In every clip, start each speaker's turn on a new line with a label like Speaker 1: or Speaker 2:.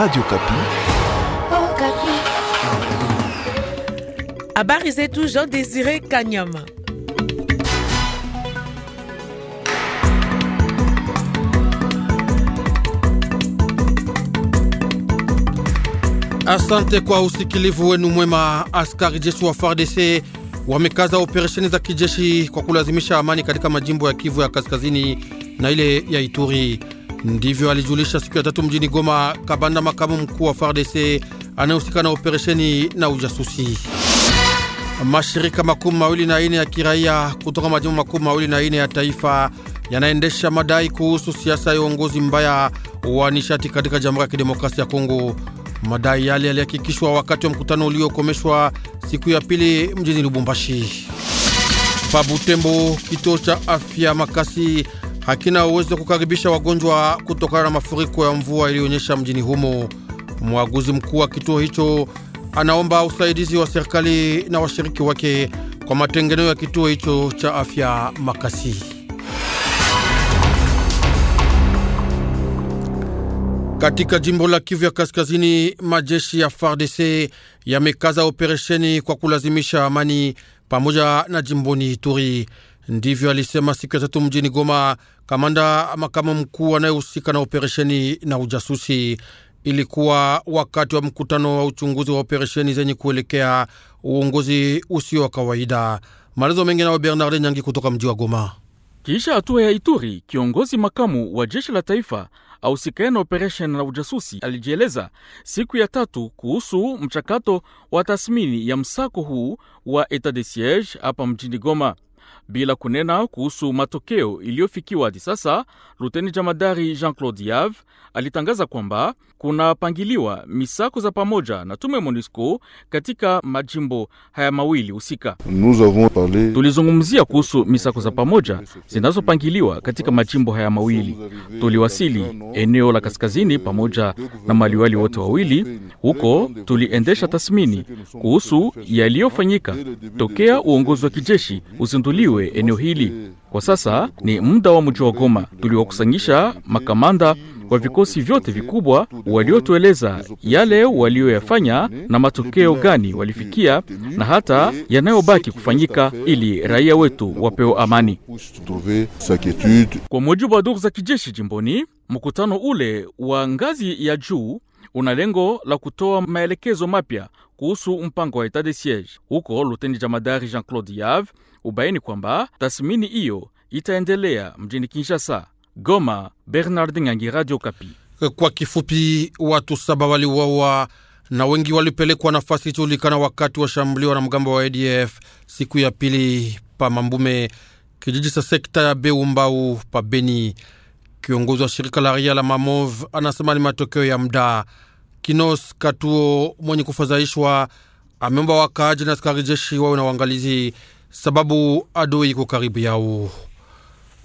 Speaker 1: Radio Kapi.
Speaker 2: Habari zetu Jean Désiré Kanyama.
Speaker 3: Asante kwa usikilivu wenu mwema. Askari jeshi wa FARDC wamekaza operesheni za kijeshi kwa kulazimisha amani katika majimbo ya Kivu ya Kaskazini na ile ya Ituri. Ndivyo alijulisha siku ya tatu mjini Goma Kabanda, makamu mkuu wa FARDC anayehusika na operesheni na ujasusi. Mashirika makumi mawili na ine ya kiraia kutoka majimbo makumi mawili na ine ya taifa yanaendesha madai kuhusu siasa ya uongozi mbaya wa nishati katika Jamhuri ya Kidemokrasia ya Kongo. Madai yale yalihakikishwa wakati wa mkutano uliokomeshwa siku ya pili mjini Lubumbashi. Pabutembo, kituo cha afya Makasi hakina uwezo wa kukaribisha wagonjwa kutokana na mafuriko ya mvua iliyoonyesha mjini humo. Mwaguzi mkuu wa kituo hicho anaomba usaidizi wa serikali na washiriki wake kwa matengenezo ya kituo hicho cha afya Makasi. Katika jimbo la Kivu ya Kaskazini, majeshi ya FARDC yamekaza operesheni kwa kulazimisha amani pamoja na jimboni Ituri. Ndivyo alisema siku ya tatu mjini Goma kamanda makamu mkuu anayehusika na operesheni na ujasusi. Ilikuwa wakati wa mkutano wa uchunguzi wa operesheni zenye kuelekea uongozi usio wa kawaida. Maelezo mengi nayo Bernard Nyangi kutoka mji wa Goma. Kisha hatua ya Ituri, kiongozi makamu wa jeshi la taifa ausikaye na operesheni
Speaker 1: na ujasusi alijieleza siku ya tatu kuhusu mchakato wa tathmini ya msako huu wa etat de siege hapa mjini Goma. Bila kunena kuhusu matokeo iliyofikiwa hadi sasa, luteni jamadari Jean-Claude Yave alitangaza kwamba kunapangiliwa misako za pamoja na tume MONUSCO katika majimbo haya mawili husika. Tulizungumzia kuhusu misako za pamoja zinazopangiliwa katika majimbo haya mawili. Tuliwasili eneo la kaskazini pamoja na maliwali wote wawili. Huko tuliendesha tathmini kuhusu yaliyofanyika tokea uongozi wa kijeshi uzinduliwa lichukuliwe eneo hili. Kwa sasa ni muda wa mji wa Goma. Tuliwakusanyisha makamanda wa vikosi vyote vikubwa waliotueleza yale walioyafanya na matokeo gani walifikia na hata yanayobaki kufanyika ili raia wetu wapewe amani. Kwa mujibu wa duru za kijeshi jimboni, mkutano ule wa ngazi ya juu una lengo la kutoa maelekezo mapya kuhusu mpango wa etat de siege. Huko luteni jamadari Jean-Claude Yave ubaini kwamba tasimini hiyo
Speaker 3: itaendelea mjini Kinshasa. Goma, Bernard Ngangi, Radio Kapi. Kwa kifupi, watu saba waliuawa na wengi walipelekwa nafasi ijulikana wakati wa shambulio na mgambo wa ADF siku ya pili pa Mambume, kijiji cha sekta ya Beumbau pa Beni. Kiongozi wa shirika la ria la Mamov anasema ni matokeo ya mdaa Kinos Katuo mwenye kufadhaishwa ameomba wakaaji na askari jeshi wawe na uangalizi, sababu adui iko karibu yao.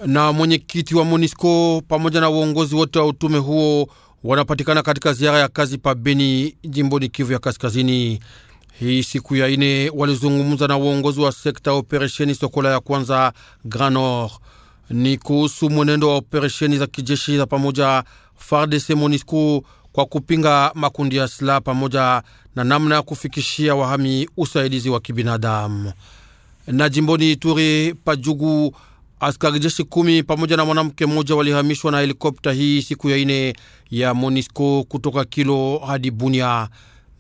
Speaker 3: Na mwenyekiti wa MONUSCO pamoja na uongozi wote wa utume huo wanapatikana katika ziara ya kazi pabeni jimboni Kivu ya Kaskazini. Hii siku ya ine walizungumza na uongozi wa sekta ya operesheni Sokola ya kwanza Grand Nord, ni kuhusu mwenendo wa operesheni za kijeshi za pamoja FARDC MONUSCO kwa kupinga makundi ya silaha pamoja na namna ya kufikishia wahami usaidizi wa kibinadamu. Na jimboni Ituri Pajugu, askari jeshi kumi pamoja na mwanamke mmoja walihamishwa na helikopta hii siku ya ine ya Monisco kutoka Kilo hadi Bunia.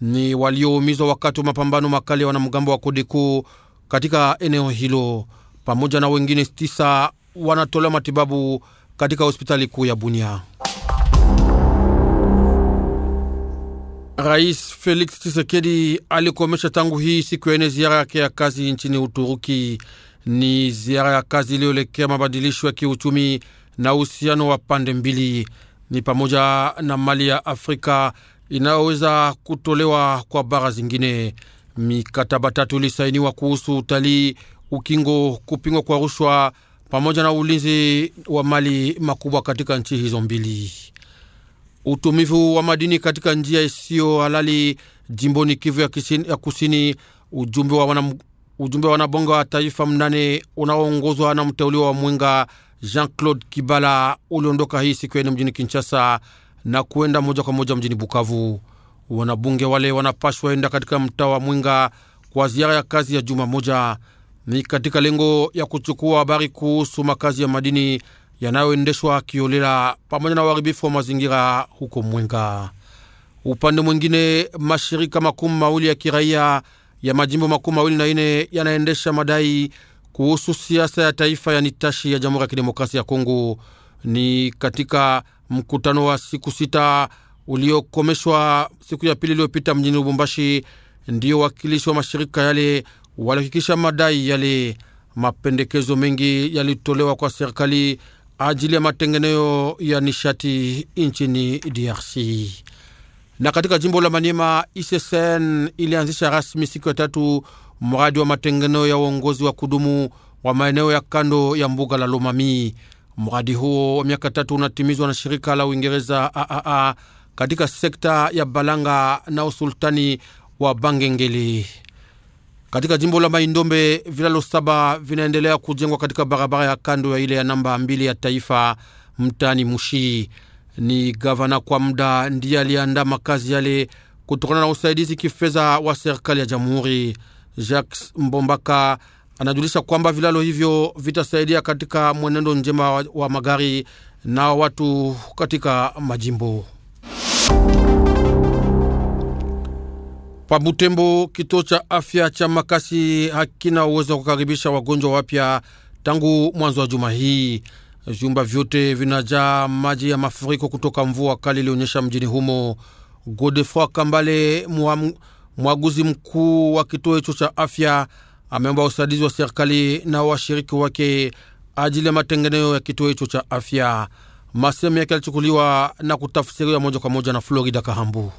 Speaker 3: Ni walioumizwa wakati wa mapambano makali ya wanamgambo wa Kodeko katika eneo hilo, pamoja na wengine tisa wanatolewa matibabu katika hospitali kuu ya Bunia. Rais Felix Tshisekedi alikomesha tangu hii siku ya ine ziara yake ya kazi nchini Uturuki. Ni ziara ya kazi iliyoelekea mabadilisho ya kiuchumi na uhusiano wa pande mbili, ni pamoja na mali ya Afrika inayoweza kutolewa kwa bara zingine. Mikataba tatu ilisainiwa kuhusu utalii, ukingo, kupingwa kwa rushwa pamoja na ulinzi wa mali makubwa katika nchi hizo mbili utumivu wa madini katika njia isiyo halali jimboni Kivu ya, kisini, ya kusini. Ujumbe wa wanam, ujumbe wa wanabonga wa taifa mnane unaoongozwa na mteuliwa wa mwinga Jean-Claude Kibala uliondoka hii siku yaine mjini Kinshasa na kuenda moja kwa moja mjini Bukavu. Wanabunge wale wanapashwa enda katika mtaa wa Mwinga kwa ziara ya kazi ya juma moja, ni katika lengo ya kuchukua habari kuhusu makazi ya madini yanayoendeshwa kiolela pamoja na uharibifu wa mazingira huko Mwenga. Upande mwingine, mashirika makumi mawili ya kiraia ya majimbo makumi mawili na ine yanaendesha madai kuhusu siasa ya taifa ya nitashi ya Jamhuri ya Kidemokrasia ya Kongo ni katika mkutano wa siku sita uliokomeshwa siku ya pili iliyopita mjini Lubumbashi. Ndiyo wakilishi wa mashirika yale walihakikisha madai yale. Mapendekezo mengi yalitolewa kwa serikali ajili ya matengeneo ya nishati nchini DRC. Na katika jimbo la Manyema, ISSN ilianzisha rasmi siku ya tatu mradi wa matengeneo ya uongozi wa kudumu wa maeneo ya kando ya mbuga la Lomami. Mradi huo wa miaka tatu unatimizwa na shirika la Uingereza AAA katika sekta ya Balanga na usultani wa Bangengeli. Katika jimbo la Maindombe, vilalo saba vinaendelea kujengwa katika barabara ya kando ya ile ya namba mbili ya taifa mtani Mushi. Ni gavana kwa muda ndiye aliandaa makazi yale kutokana na usaidizi kifedha wa serikali ya jamhuri. Jacques Mbombaka anajulisha kwamba vilalo hivyo vitasaidia katika mwenendo njema wa magari na watu katika majimbo Pabutembo, kituo cha afya cha Makasi hakina uwezo wa kukaribisha wagonjwa wapya tangu mwanzo wa juma hii. Vyumba vyote vinajaa maji ya mafuriko kutoka mvua kali ilionyesha mjini humo. Godefroi Kambale, mwaguzi mkuu wa kituo hicho cha afya, ameomba usaidizi wa serikali na washiriki wake ajili ya matengenezo ya kituo hicho cha afya. Masehemu yake yalichukuliwa na kutafsiriwa moja kwa moja na Florida Kahambu.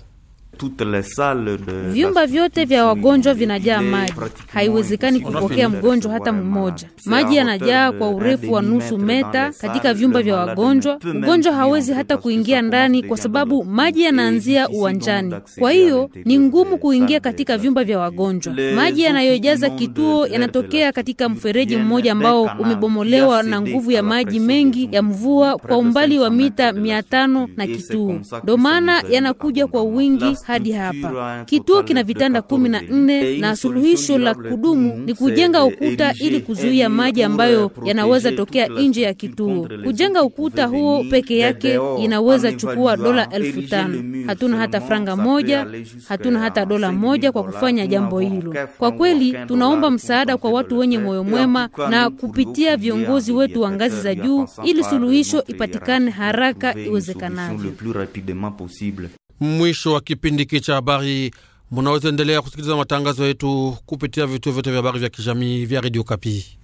Speaker 3: Vyumba
Speaker 2: vyote vya wagonjwa vinajaa maji, haiwezekani kupokea mgonjwa hata mmoja. Maji yanajaa kwa urefu wa nusu meta katika vyumba vya wagonjwa. Mgonjwa hawezi hata kuingia ndani kwa sababu maji yanaanzia uwanjani, kwa hiyo ni ngumu kuingia katika vyumba vya wagonjwa. Maji yanayojaza kituo yanatokea katika mfereji mmoja ambao umebomolewa na nguvu ya maji mengi ya mvua kwa umbali wa mita mia tano na kituo, ndo maana yanakuja kwa wingi hadi hapa. Kituo kina vitanda kumi na nne na suluhisho la kudumu ni kujenga ukuta ili kuzuia maji ambayo yanaweza tokea nje ya kituo. Kujenga ukuta huo peke yake inaweza chukua dola elfu tano. Hatuna hata franga moja, hatuna hata dola moja kwa kufanya jambo hilo. Kwa kweli, tunaomba msaada kwa watu wenye moyo mwema na kupitia viongozi wetu wa ngazi za juu ili suluhisho ipatikane haraka iwezekanavyo.
Speaker 3: Mwisho wa kipindi hiki cha habari, munaweza endelea kusikiliza matangazo yetu kupitia vituo vyote vya habari vya kijamii vya redio Kapi.